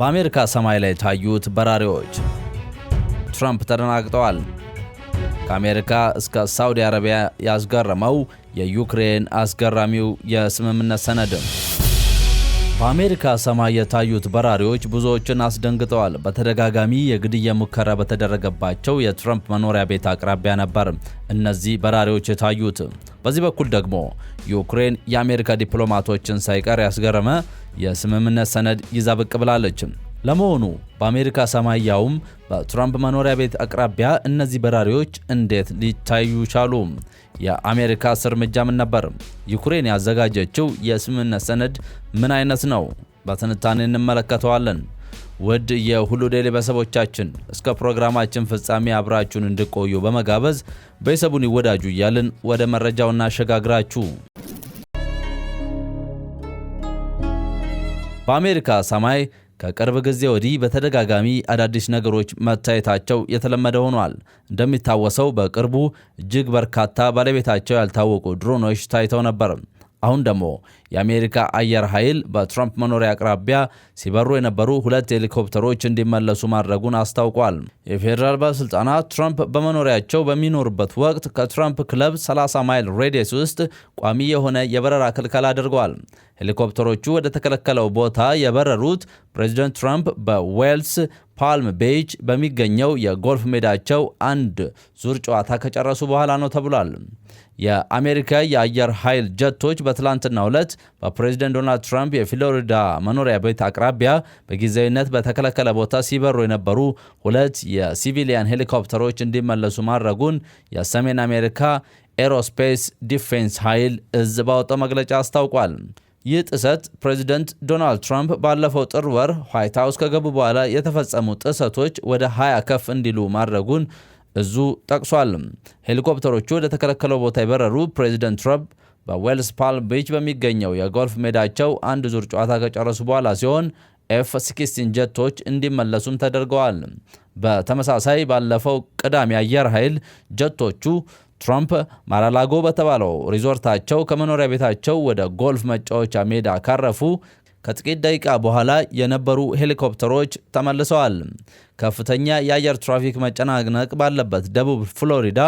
በአሜሪካ ሰማይ ላይ ታዩት በራሪዎች። ትራምፕ ተደናግጠዋል። ከአሜሪካ እስከ ሳውዲ አረቢያ ያስገረመው የዩክሬን አስገራሚው የስምምነት ሰነድም። በአሜሪካ ሰማይ የታዩት በራሪዎች ብዙዎችን አስደንግጠዋል። በተደጋጋሚ የግድያ ሙከራ በተደረገባቸው የትራምፕ መኖሪያ ቤት አቅራቢያ ነበር እነዚህ በራሪዎች የታዩት። በዚህ በኩል ደግሞ ዩክሬን የአሜሪካ ዲፕሎማቶችን ሳይቀር ያስገረመ የስምምነት ሰነድ ይዛ ብቅ ብላለች። ለመሆኑ በአሜሪካ ሰማይ ያውም በትራምፕ መኖሪያ ቤት አቅራቢያ እነዚህ በራሪዎች እንዴት ሊታዩ ቻሉ? የአሜሪካ አስር እርምጃ ምን ነበር? ዩክሬን ያዘጋጀችው የስምምነት ሰነድ ምን አይነት ነው? በትንታኔ እንመለከተዋለን። ውድ የሁሉ ዴይሊ ቤተሰቦቻችን እስከ ፕሮግራማችን ፍጻሜ አብራችሁን እንድቆዩ በመጋበዝ ቤተሰቡን ይወዳጁ እያልን ወደ መረጃው እናሸጋግራችሁ። በአሜሪካ ሰማይ ከቅርብ ጊዜ ወዲህ በተደጋጋሚ አዳዲስ ነገሮች መታየታቸው የተለመደ ሆኗል። እንደሚታወሰው በቅርቡ እጅግ በርካታ ባለቤታቸው ያልታወቁ ድሮኖች ታይተው ነበር። አሁን ደግሞ የአሜሪካ አየር ኃይል በትራምፕ መኖሪያ አቅራቢያ ሲበሩ የነበሩ ሁለት ሄሊኮፕተሮች እንዲመለሱ ማድረጉን አስታውቋል። የፌዴራል ባለሥልጣናት ትራምፕ በመኖሪያቸው በሚኖሩበት ወቅት ከትራምፕ ክለብ 30 ማይል ሬዲየስ ውስጥ ቋሚ የሆነ የበረራ ክልከላ አድርጓል። ሄሊኮፕተሮቹ ወደ ተከለከለው ቦታ የበረሩት ፕሬዚደንት ትራምፕ በዌልስ ፓልም ቤጅ በሚገኘው የጎልፍ ሜዳቸው አንድ ዙር ጨዋታ ከጨረሱ በኋላ ነው ተብሏል። የአሜሪካ የአየር ኃይል ጀቶች በትላንትናው ዕለት በፕሬዚደንት ዶናልድ ትራምፕ የፍሎሪዳ መኖሪያ ቤት አቅራቢያ በጊዜያዊነት በተከለከለ ቦታ ሲበሩ የነበሩ ሁለት የሲቪሊያን ሄሊኮፕተሮች እንዲመለሱ ማድረጉን የሰሜን አሜሪካ ኤሮስፔስ ዲፌንስ ኃይል እዝ ባወጣው መግለጫ አስታውቋል። ይህ ጥሰት ፕሬዚደንት ዶናልድ ትራምፕ ባለፈው ጥር ወር ዋይት ሀውስ ከገቡ በኋላ የተፈጸሙ ጥሰቶች ወደ 20 ከፍ እንዲሉ ማድረጉን እዙ ጠቅሷል። ሄሊኮፕተሮቹ ወደ ተከለከለው ቦታ የበረሩ ፕሬዚደንት ትራምፕ በዌልስ ፓልም ቢች በሚገኘው የጎልፍ ሜዳቸው አንድ ዙር ጨዋታ ከጨረሱ በኋላ ሲሆን ኤፍ ሲክስቲን ጀቶች እንዲመለሱም ተደርገዋል። በተመሳሳይ ባለፈው ቅዳሜ አየር ኃይል ጀቶቹ ትራምፕ ማራላጎ በተባለው ሪዞርታቸው ከመኖሪያ ቤታቸው ወደ ጎልፍ መጫወቻ ሜዳ ካረፉ ከጥቂት ደቂቃ በኋላ የነበሩ ሄሊኮፕተሮች ተመልሰዋል። ከፍተኛ የአየር ትራፊክ መጨናነቅ ባለበት ደቡብ ፍሎሪዳ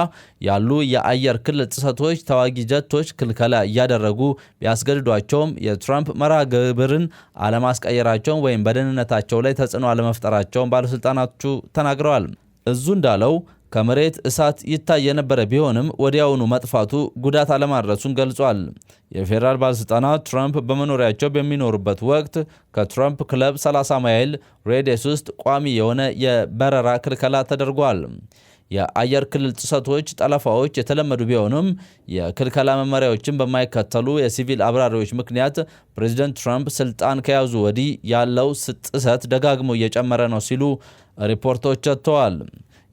ያሉ የአየር ክልል ጥሰቶች ተዋጊ ጀቶች ክልከላ እያደረጉ ቢያስገድዷቸውም የትራምፕ መርሃ ግብርን አለማስቀየራቸውን ወይም በደህንነታቸው ላይ ተጽዕኖ አለመፍጠራቸውን ባለሥልጣናቱ ተናግረዋል። እዙ እንዳለው ከመሬት እሳት ይታይ የነበረ ቢሆንም ወዲያውኑ መጥፋቱ ጉዳት አለማድረሱን ገልጿል። የፌዴራል ባለሥልጣናት ትራምፕ በመኖሪያቸው በሚኖሩበት ወቅት ከትራምፕ ክለብ 30 ማይል ሬዲየስ ውስጥ ቋሚ የሆነ የበረራ ክልከላ ተደርጓል። የአየር ክልል ጥሰቶች፣ ጠለፋዎች የተለመዱ ቢሆኑም የክልከላ መመሪያዎችን በማይከተሉ የሲቪል አብራሪዎች ምክንያት ፕሬዚደንት ትራምፕ ስልጣን ከያዙ ወዲህ ያለው ጥሰት ደጋግሞ እየጨመረ ነው ሲሉ ሪፖርቶች ወጥተዋል።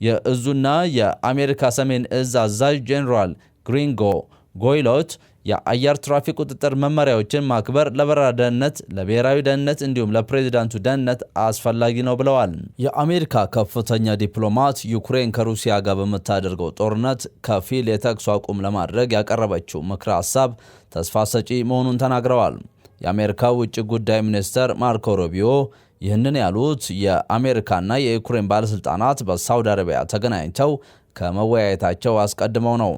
የእዙና የአሜሪካ ሰሜን እዝ አዛዥ ጄኔራል ግሪንጎ ጎይሎት የአየር ትራፊክ ቁጥጥር መመሪያዎችን ማክበር ለበረራ ደህንነት፣ ለብሔራዊ ደህንነት እንዲሁም ለፕሬዚዳንቱ ደህንነት አስፈላጊ ነው ብለዋል። የአሜሪካ ከፍተኛ ዲፕሎማት ዩክሬን ከሩሲያ ጋር በምታደርገው ጦርነት ከፊል የተኩስ አቁም ለማድረግ ያቀረበችው ምክረ ሀሳብ ተስፋ ሰጪ መሆኑን ተናግረዋል። የአሜሪካ ውጭ ጉዳይ ሚኒስትር ማርኮ ሮቢዮ። ይህንን ያሉት የአሜሪካና የዩክሬን ባለሥልጣናት በሳውዲ አረቢያ ተገናኝተው ከመወያየታቸው አስቀድመው ነው።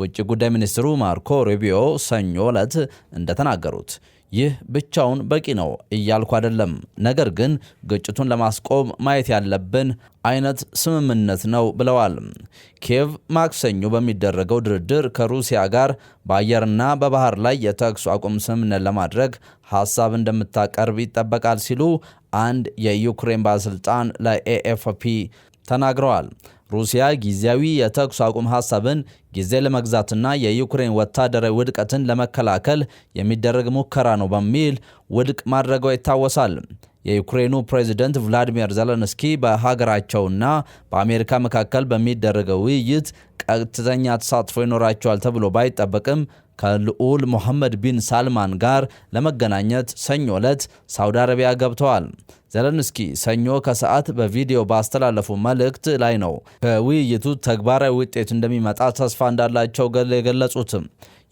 ውጭ ጉዳይ ሚኒስትሩ ማርኮ ሩቢዮ ሰኞ ዕለት እንደተናገሩት ይህ ብቻውን በቂ ነው እያልኩ አይደለም። ነገር ግን ግጭቱን ለማስቆም ማየት ያለብን አይነት ስምምነት ነው ብለዋል። ኪየቭ ማክሰኞ በሚደረገው ድርድር ከሩሲያ ጋር በአየርና በባህር ላይ የተኩስ አቁም ስምምነት ለማድረግ ሀሳብ እንደምታቀርብ ይጠበቃል ሲሉ አንድ የዩክሬን ባለስልጣን ለኤኤፍፒ ተናግረዋል። ሩሲያ ጊዜያዊ የተኩስ አቁም ሀሳብን ጊዜ ለመግዛትና የዩክሬን ወታደራዊ ውድቀትን ለመከላከል የሚደረግ ሙከራ ነው በሚል ውድቅ ማድረጓ ይታወሳል። የዩክሬኑ ፕሬዚደንት ቭላዲሚር ዘለንስኪ በሀገራቸውና በአሜሪካ መካከል በሚደረገው ውይይት ቀጥተኛ ተሳትፎ ይኖራቸዋል ተብሎ ባይጠበቅም ከልዑል ሞሐመድ ቢን ሳልማን ጋር ለመገናኘት ሰኞ ዕለት ሳውዲ አረቢያ ገብተዋል። ዘለንስኪ ሰኞ ከሰዓት በቪዲዮ ባስተላለፉ መልእክት ላይ ነው ከውይይቱ ተግባራዊ ውጤት እንደሚመጣ ተስፋ እንዳላቸው የገለጹት።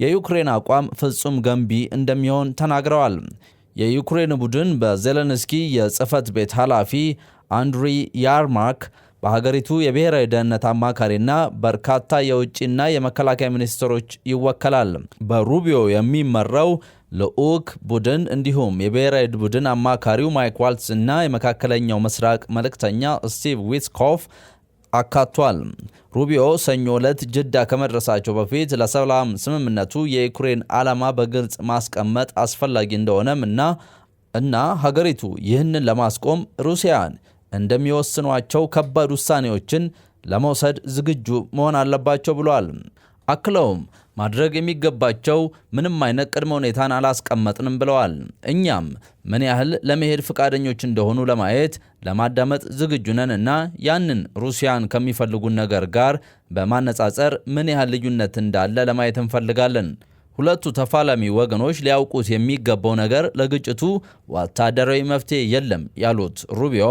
የዩክሬን አቋም ፍጹም ገንቢ እንደሚሆን ተናግረዋል። የዩክሬን ቡድን በዜለንስኪ የጽህፈት ቤት ኃላፊ አንድሪ ያርማክ በሀገሪቱ የብሔራዊ ደህንነት አማካሪና በርካታ የውጭና የመከላከያ ሚኒስትሮች ይወከላል። በሩቢዮ የሚመራው ልዑክ ቡድን እንዲሁም የብሔራዊ ቡድን አማካሪው ማይክ ዋልትስ እና የመካከለኛው ምስራቅ መልእክተኛ ስቲቭ ዊትኮፍ አካቷል። ሩቢዮ ሰኞ ዕለት ጅዳ ከመድረሳቸው በፊት ለሰላም ስምምነቱ የዩክሬን ዓላማ በግልጽ ማስቀመጥ አስፈላጊ እንደሆነም እና እና ሀገሪቱ ይህንን ለማስቆም ሩሲያን እንደሚወስኗቸው ከባድ ውሳኔዎችን ለመውሰድ ዝግጁ መሆን አለባቸው ብሏል። አክለውም ማድረግ የሚገባቸው ምንም አይነት ቅድመ ሁኔታን አላስቀመጥንም ብለዋል። እኛም ምን ያህል ለመሄድ ፈቃደኞች እንደሆኑ ለማየት ለማዳመጥ ዝግጁ ነን እና ያንን ሩሲያን ከሚፈልጉን ነገር ጋር በማነጻጸር ምን ያህል ልዩነት እንዳለ ለማየት እንፈልጋለን። ሁለቱ ተፋላሚ ወገኖች ሊያውቁት የሚገባው ነገር ለግጭቱ ወታደራዊ መፍትሄ የለም ያሉት ሩቢዮ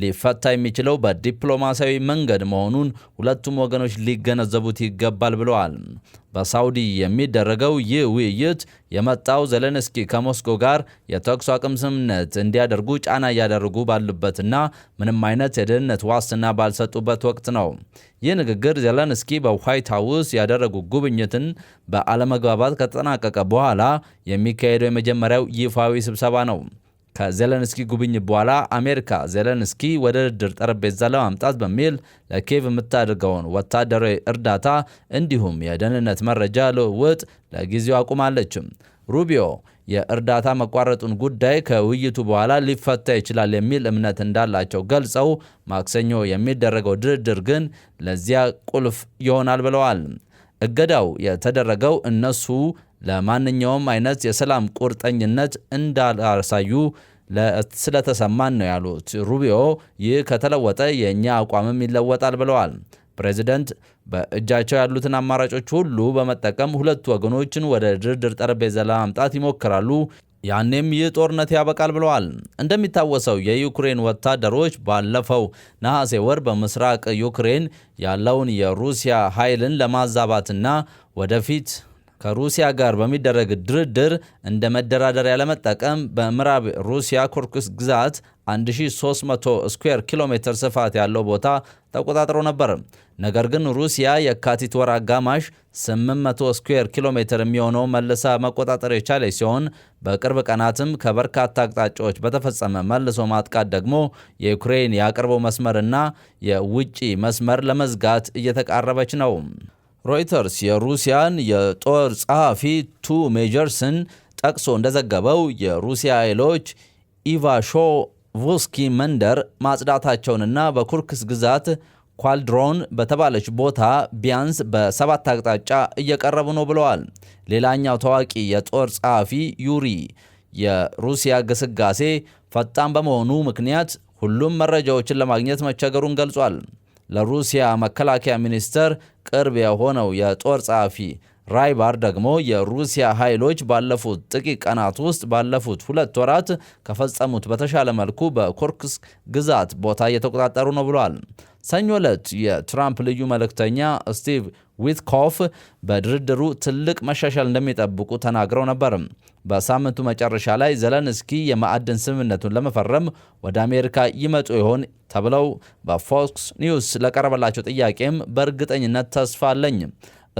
ሊፈታ የሚችለው በዲፕሎማሲያዊ መንገድ መሆኑን ሁለቱም ወገኖች ሊገነዘቡት ይገባል ብለዋል። በሳውዲ የሚደረገው ይህ ውይይት የመጣው ዘለንስኪ ከሞስኮ ጋር የተኩስ አቁም ስምምነት እንዲያደርጉ ጫና እያደረጉ ባሉበትና ምንም አይነት የደህንነት ዋስትና ባልሰጡበት ወቅት ነው። ይህ ንግግር ዘለንስኪ በዋይት ሀውስ ያደረጉ ጉብኝትን በአለመግባባት ከተጠናቀቀ በኋላ የሚካሄደው የመጀመሪያው ይፋዊ ስብሰባ ነው። ከዜለንስኪ ጉብኝት በኋላ አሜሪካ ዜለንስኪ ወደ ድርድር ጠረጴዛ ለማምጣት በሚል ለኬቭ የምታደርገውን ወታደራዊ እርዳታ እንዲሁም የደህንነት መረጃ ልውውጥ ለጊዜው አቁማለችም። ሩቢዮ የእርዳታ መቋረጡን ጉዳይ ከውይይቱ በኋላ ሊፈታ ይችላል የሚል እምነት እንዳላቸው ገልጸው ማክሰኞ የሚደረገው ድርድር ግን ለዚያ ቁልፍ ይሆናል ብለዋል። እገዳው የተደረገው እነሱ ለማንኛውም አይነት የሰላም ቁርጠኝነት እንዳላሳዩ ስለተሰማን ነው ያሉት ሩቢዮ። ይህ ከተለወጠ የእኛ አቋምም ይለወጣል ብለዋል። ፕሬዚደንት በእጃቸው ያሉትን አማራጮች ሁሉ በመጠቀም ሁለቱ ወገኖችን ወደ ድርድር ጠረጴዛ ለማምጣት ይሞክራሉ። ያኔም ይህ ጦርነት ያበቃል ብለዋል። እንደሚታወሰው የዩክሬን ወታደሮች ባለፈው ነሐሴ ወር በምስራቅ ዩክሬን ያለውን የሩሲያ ኃይልን ለማዛባትና ወደፊት ከሩሲያ ጋር በሚደረግ ድርድር እንደ መደራደሪያ ለመጠቀም በምዕራብ ሩሲያ ኩርክስ ግዛት 1300 ስኩዌር ኪሎ ሜትር ስፋት ያለው ቦታ ተቆጣጥሮ ነበር። ነገር ግን ሩሲያ የካቲት ወር አጋማሽ 800 ስኩዌር ኪሎ ሜትር የሚሆነው መልሳ መቆጣጠር የቻለች ሲሆን በቅርብ ቀናትም ከበርካታ አቅጣጫዎች በተፈጸመ መልሶ ማጥቃት ደግሞ የዩክሬን የአቅርቦ መስመርና የውጪ መስመር ለመዝጋት እየተቃረበች ነው። ሮይተርስ የሩሲያን የጦር ጸሐፊ ቱ ሜጀርስን ጠቅሶ እንደዘገበው የሩሲያ ኃይሎች ኢቫሾ ቮስኪ መንደር ማጽዳታቸውንና በኩርክስ ግዛት ኳልድሮን በተባለች ቦታ ቢያንስ በሰባት አቅጣጫ እየቀረቡ ነው ብለዋል። ሌላኛው ታዋቂ የጦር ጸሐፊ ዩሪ የሩሲያ ግስጋሴ ፈጣን በመሆኑ ምክንያት ሁሉም መረጃዎችን ለማግኘት መቸገሩን ገልጿል። ለሩሲያ መከላከያ ሚኒስቴር ቅርብ የሆነው የጦር ጸሐፊ ራይባር ደግሞ የሩሲያ ኃይሎች ባለፉት ጥቂት ቀናት ውስጥ ባለፉት ሁለት ወራት ከፈጸሙት በተሻለ መልኩ በኩርስክ ግዛት ቦታ እየተቆጣጠሩ ነው ብሏል። ሰኞ ዕለት የትራምፕ ልዩ መልእክተኛ ስቲቭ ዊትኮፍ በድርድሩ ትልቅ መሻሻል እንደሚጠብቁ ተናግረው ነበር። በሳምንቱ መጨረሻ ላይ ዘለንስኪ የማዕድን ስምምነቱን ለመፈረም ወደ አሜሪካ ይመጡ ይሆን ተብለው በፎክስ ኒውስ ለቀረበላቸው ጥያቄም በእርግጠኝነት ተስፋ አለኝ፣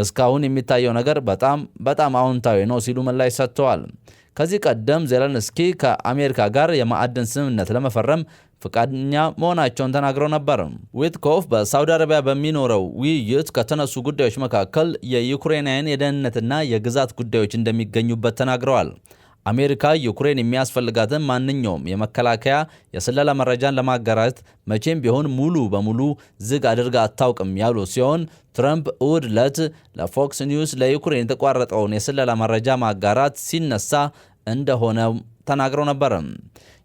እስካሁን የሚታየው ነገር በጣም በጣም አዎንታዊ ነው ሲሉ ምላሽ ሰጥተዋል። ከዚህ ቀደም ዜለንስኪ ከአሜሪካ ጋር የማዕድን ስምምነት ለመፈረም ፈቃደኛ መሆናቸውን ተናግረው ነበር። ዊትኮፍ በሳውዲ አረቢያ በሚኖረው ውይይት ከተነሱ ጉዳዮች መካከል የዩክሬናውያን የደህንነትና የግዛት ጉዳዮች እንደሚገኙበት ተናግረዋል። አሜሪካ ዩክሬን የሚያስፈልጋትን ማንኛውም የመከላከያ የስለላ መረጃን ለማጋራት መቼም ቢሆን ሙሉ በሙሉ ዝግ አድርጋ አታውቅም ያሉ ሲሆን ትረምፕ እሁድ ዕለት ለፎክስ ኒውስ ለዩክሬን የተቋረጠውን የስለላ መረጃ ማጋራት ሲነሳ እንደሆነ ተናግረው ነበር።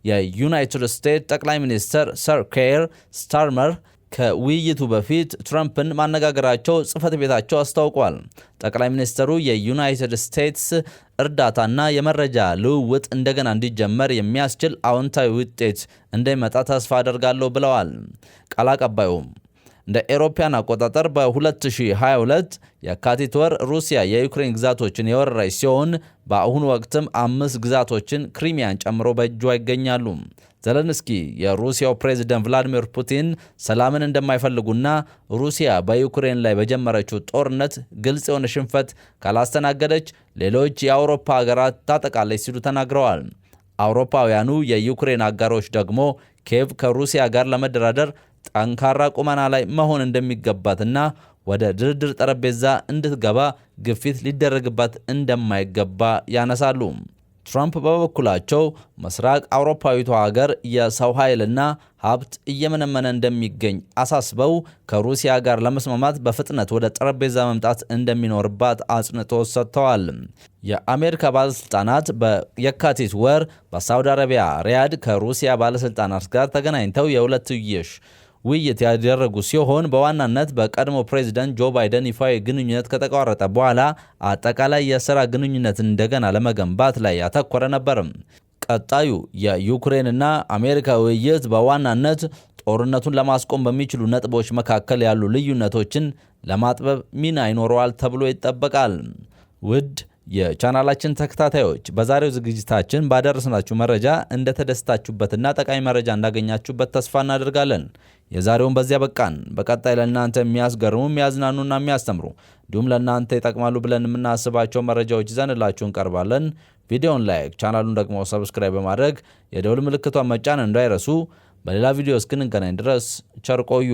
የዩናይትድ ስቴትስ ጠቅላይ ሚኒስትር ሰር ኬር ስታርመር ከውይይቱ በፊት ትራምፕን ማነጋገራቸው ጽህፈት ቤታቸው አስታውቋል። ጠቅላይ ሚኒስትሩ የዩናይትድ ስቴትስ እርዳታና የመረጃ ልውውጥ እንደገና እንዲጀመር የሚያስችል አዎንታዊ ውጤት እንደሚመጣ ተስፋ አደርጋለሁ ብለዋል ቃል አቀባዩም እንደ ኤሮፓያን አቆጣጠር በ2022 የካቲት ወር ሩሲያ የዩክሬን ግዛቶችን የወረረች ሲሆን በአሁኑ ወቅትም አምስት ግዛቶችን ክሪሚያን ጨምሮ በእጇ ይገኛሉ። ዘለንስኪ የሩሲያው ፕሬዚደንት ቭላዲሚር ፑቲን ሰላምን እንደማይፈልጉና ሩሲያ በዩክሬን ላይ በጀመረችው ጦርነት ግልጽ የሆነ ሽንፈት ካላስተናገደች ሌሎች የአውሮፓ ሀገራት ታጠቃለች ሲሉ ተናግረዋል። አውሮፓውያኑ የዩክሬን አጋሮች ደግሞ ኬቭ ከሩሲያ ጋር ለመደራደር ጠንካራ ቁመና ላይ መሆን እንደሚገባትና ወደ ድርድር ጠረጴዛ እንድትገባ ግፊት ሊደረግባት እንደማይገባ ያነሳሉ። ትራምፕ በበኩላቸው ምስራቅ አውሮፓዊቷ ሀገር የሰው ኃይልና ሀብት እየመነመነ እንደሚገኝ አሳስበው ከሩሲያ ጋር ለመስማማት በፍጥነት ወደ ጠረጴዛ መምጣት እንደሚኖርባት አጽንኦት ሰጥተዋል። የአሜሪካ ባለሥልጣናት የካቲት ወር በሳውዲ አረቢያ ሪያድ ከሩሲያ ባለሥልጣናት ጋር ተገናኝተው የሁለትዮሽ ውይይት ያደረጉ ሲሆን በዋናነት በቀድሞ ፕሬዚደንት ጆ ባይደን ይፋዊ ግንኙነት ከተቋረጠ በኋላ አጠቃላይ የስራ ግንኙነት እንደገና ለመገንባት ላይ ያተኮረ ነበርም። ቀጣዩ የዩክሬንና አሜሪካ ውይይት በዋናነት ጦርነቱን ለማስቆም በሚችሉ ነጥቦች መካከል ያሉ ልዩነቶችን ለማጥበብ ሚና ይኖረዋል ተብሎ ይጠበቃል። ውድ የቻናላችን ተከታታዮች በዛሬው ዝግጅታችን ባደረስናችሁ መረጃ እንደተደስታችሁበትና ጠቃሚ መረጃ እንዳገኛችሁበት ተስፋ እናደርጋለን። የዛሬውን በዚያ በቃን። በቀጣይ ለእናንተ የሚያስገርሙ የሚያዝናኑና የሚያስተምሩ እንዲሁም ለእናንተ ይጠቅማሉ ብለን የምናስባቸው መረጃዎች ይዘንላችሁ እንቀርባለን። ቪዲዮን ላይክ፣ ቻናሉን ደግሞ ሰብስክራይብ በማድረግ የደውል ምልክቷን መጫን እንዳይረሱ። በሌላ ቪዲዮ እስክንገናኝ ድረስ ቸር ቆዩ።